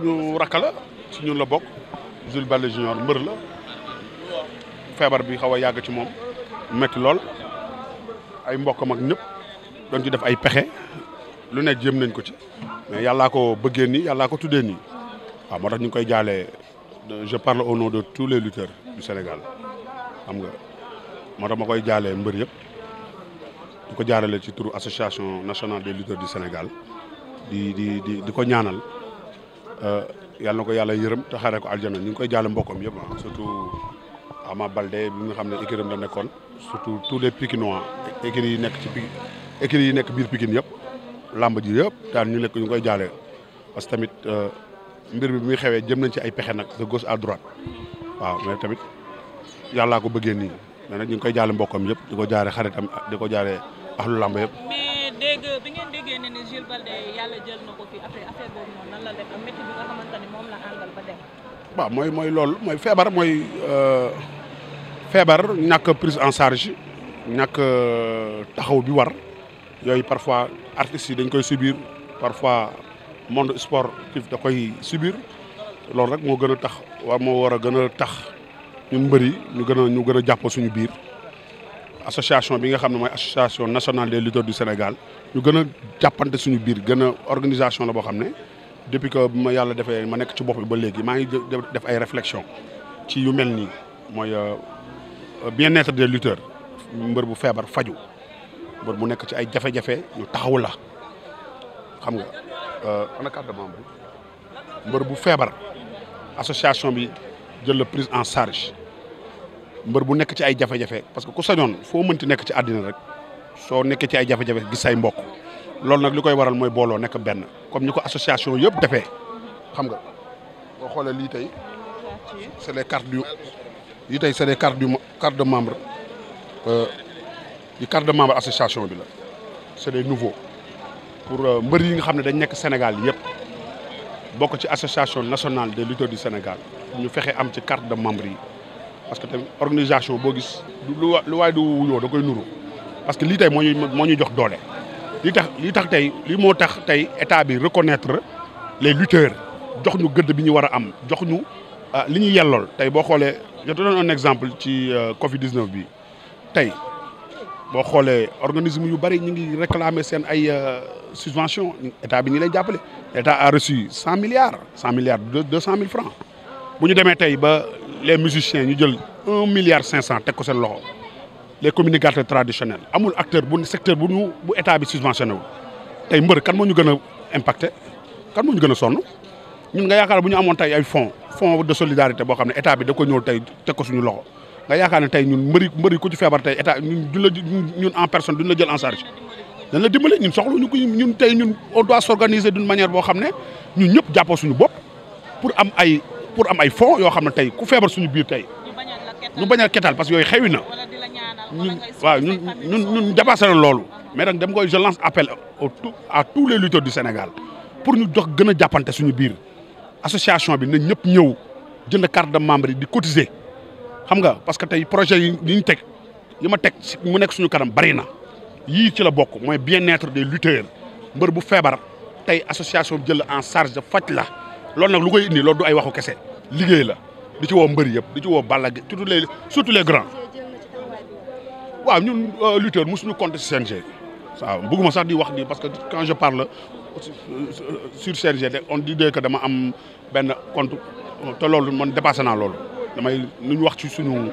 suñu rakk la ñun la bokk Jules Baldé junior mbër la feebar bi xaw a yàgg ci moom metti lool ay mbokkam mag ñëpp doon ci def ay pexe lu ne jëm nañ ko ci mais yàllaa ko bëggee nii yàllaa ko tuddee nii waaw moo tax ñu koy jaalee je parle au nom tous les lutteurs du Sénégal xam nga moo tax ma koy jaalee mbër yëpp di ko jaarale ci turu association nationale des lutteurs du Sénégal di di di di ko ñaanal Euh, yàlla na ko yàlla yërëm te xaaree ko aljana ñu ngi koy jaale mbokkam yëpp ah surtout Ama Baldé bi nga xam ne écurie la nekkoon surtout les Pikinois écurie yi nekk ci Pikine écurie yi nekk biir Pikine yëpp làmb ji yëpp daan ñu nekk ñu koy jaale parce que tamit euh, mbir bi muy xewee jëm nañ ci ay pexe nag de gauche à droite waaw mais tamit yàllaa ko bëggee nii mais nag ñu ngi koy jaale mbokkam yëpp di ko jaare xaritam di ko jaare ahlu làmb yëpp. ba waaw mooy mooy loolu mooy feebar mooy euh, feebar ñàkk prise en charge ñàkk euh, taxaw bi war yooyu parfois artistes dañ koy subir parfois monde sportif da koy subir loolu rek moo gën a tax waa moo war a gën a tax ñun mbër yi ñu gën a ñu gën a jàpp suñu biir. association bi nga xam ne mooy association nationale des lutteurs du Sénégal ñu gën a jàppante suñu biir gën a organisation la boo xam ne depuis que ma yàlla defee ma nekk ci bopp bi ba léegi maa ngi def ay réflexion ci yu mel nii mooy euh, bien-être des lutteurs mbër bu feebar faju mbër bu nekk ci ay jafe-jafe ñu taxaw la xam nga euh, ana carte de membre mbër bu feebar association bi jël la prise en charge mbër bu nekk ci ay jafe-jafe parce que ku sañoon foo mënti nekk ci addina rek soo nekkee ci ay jafe-jafe gis say mbokk loolu nag li koy waral mooy booloo nekk benn comme ni ko association yëpp defee xam nga boo xoolee lii tey c'est les cartes du lii tey c'est les cartes du carte de membre yi euh, carte de membre association bi la c'est des nouveaux pour euh, mbër yi nga xam ne dañ nekk Sénégal yëpp bokk ci association nationale des lutteurs du Sénégal ñu fexe am ci carte de membre yi parce que tamit organisation boo gis lu lu waay du wuyoo da koy nuru parce que lii tey moo ñu moo ñu jox doole. li tax li tax tey lii moo tax tey état bi reconnaître les lutteurs jox ñu gëdd bi ñu war a am jox ñu ah, li ñu yellool tey boo xoolee je te donne un exemple ci euh, Covid 19 bi tey boo xoolee organisme yu bëri ñu ngi réclamer seen ay euh, subvention état bi ñu lay jàppale. état a reçu cent milliards cent milliards deux cent mille francs. bu ñu demee tey ba les musiciens ñu jël un milliard cinq cent teg ko seen loxo les communicateurs traditionnels amul acteur bu secteur bu ñu bu état bi subventionné wu tey mbër kan moo ñu gën a impacté kan moo ñu gën a sonn ñun nga yaakaar bu ñu amoon tey ay fonds fonds de boo xam ne état bi da ko ñëw tey teg ko suñu loxo nga yaakaar ne tey ñun mbëri mbëri ku ci feebar tey état ñun duñ la ñun en personne duñ la jël en charge dañ la dimbale ñun soxla ñu ko ñun tey ñun on doit s'organiser d'une manière boo xam ne ñun ñëpp jàppoo suñu bopp pour am ay pour am ay fonds yoo xam ne tey ku feebar suñu biir tey ñu bañ a ketal parce que yooyu xewi na ñun waaw ñun ñun na loolu mais nag dem koy je lance appel au à tous les lutteurs du Sénégal pour ñu jox gën a jàppante suñu biir association bi na ñëpp ñëw jënd carte de membre yi di cotiser xam nga parce que tey projet yi ñu teg yi ma teg mu nekk suñu kanam bari na yii ci la bokk mooy bien-être des lutteurs mbër bu feebar tey association jël en charge faj la loolu nag lu koy indi loolu du ay waxu kese liggéey la di ci woo mbëri yëpp di ci woo Balla gi surtout les surtout waaw ñun euh, lutteur mosuñu compter ci CNG waaw bëgguma sax di wax di parce que quand je parle euh, sur CNG on dit que dama am benn compte te loolu man dépassé naa loolu damay lu ñu wax ci suñu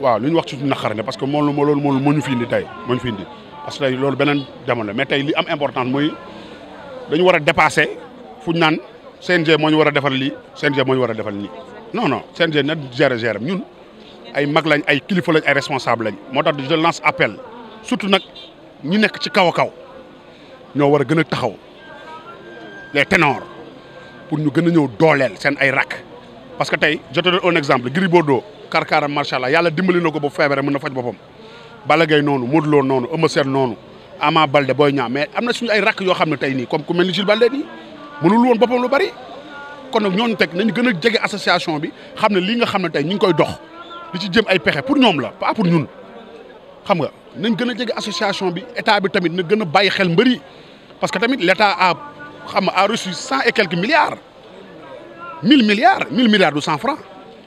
waaw lu ñu wax ci suñu naqar ne parce que moom moo loolu moo ñu fi indi tey moo ñu fi indi parce que tey loolu beneen jamono la mais tey li am importance mooy CNG moo ñu war a defal lii CNG moo ñu war a defal nii non non CNG na gérer gérer ñun ay mag lañ ay kilifa lañ ay responsable lañ moo tax je lance appel surtout nag ñi nekk ci kaw kaw ñoo war a gën a taxaw les ténors pour ñu gën a ñëw dooleel seen ay rakk. parce que tey je te donne un exemple Gris Bordeaux karkaaram macha allah yàlla dimbali na ko ba feebare mën na faj boppam Balla Gaye noonu Modou Lo noonu Eumeu Sène noonu Ama Balde Boy Niang mais yoo xam ne tey nii comme mënul woon boppam lu bari kon nag ñooñu teg nañ gën a jege association bi xam ne lii nga xam ne tey ñu ngi koy dox li ci jëm ay pexe pour ñoom la pas pour ñun xam nga nañ gën a jege association bi état bi tamit na gën a bàyyi xel mbëri parce que tamit l' état a xam nga a reçu cent et quelques milliards mille milliards mille milliards du cent franc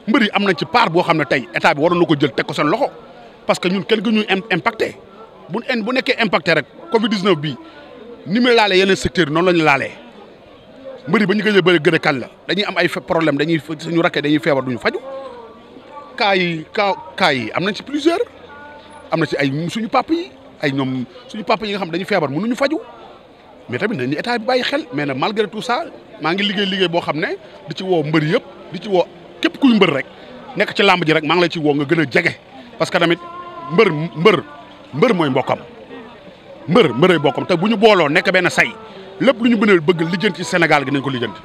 mbëri am nañ ci part boo xam ne tey état bi waroon na ko jël teg ko seen loxo parce que ñun kenn gi ñuy impacté bu bu nekkee impacté rek Covid bi ni muy laalee yeneen secteurs yi noonu la ñu laalee. mbëri ba ñu gëj a bëri gën a kan la dañuy am ay problème dañuy suñu rakkee dañuy feebar duñu faju cas yi cas cas yi am nañ ci plusieurs am na ci ay suñu pap yi ay ñoom suñu pap yi nga xam dañuy feebar mënuñu faju mais tamit nañu état bi bàyyi xel mais nag malgré tout ça maa ngi liggéey liggéey boo xam ne di ci woo mbër yëpp di ci woo képp kuy mbër rek nekk ci làmb ji rek maa ngi la ci woo nga gën a jege parce que tamit mbër mbër mbër mooy mbokkam mbër mbëray bokkam te bu ñu booloo nekk benn say lépp lu ñu bëneel bëgg lijjanti Sénégal gi nañ ko lijjanti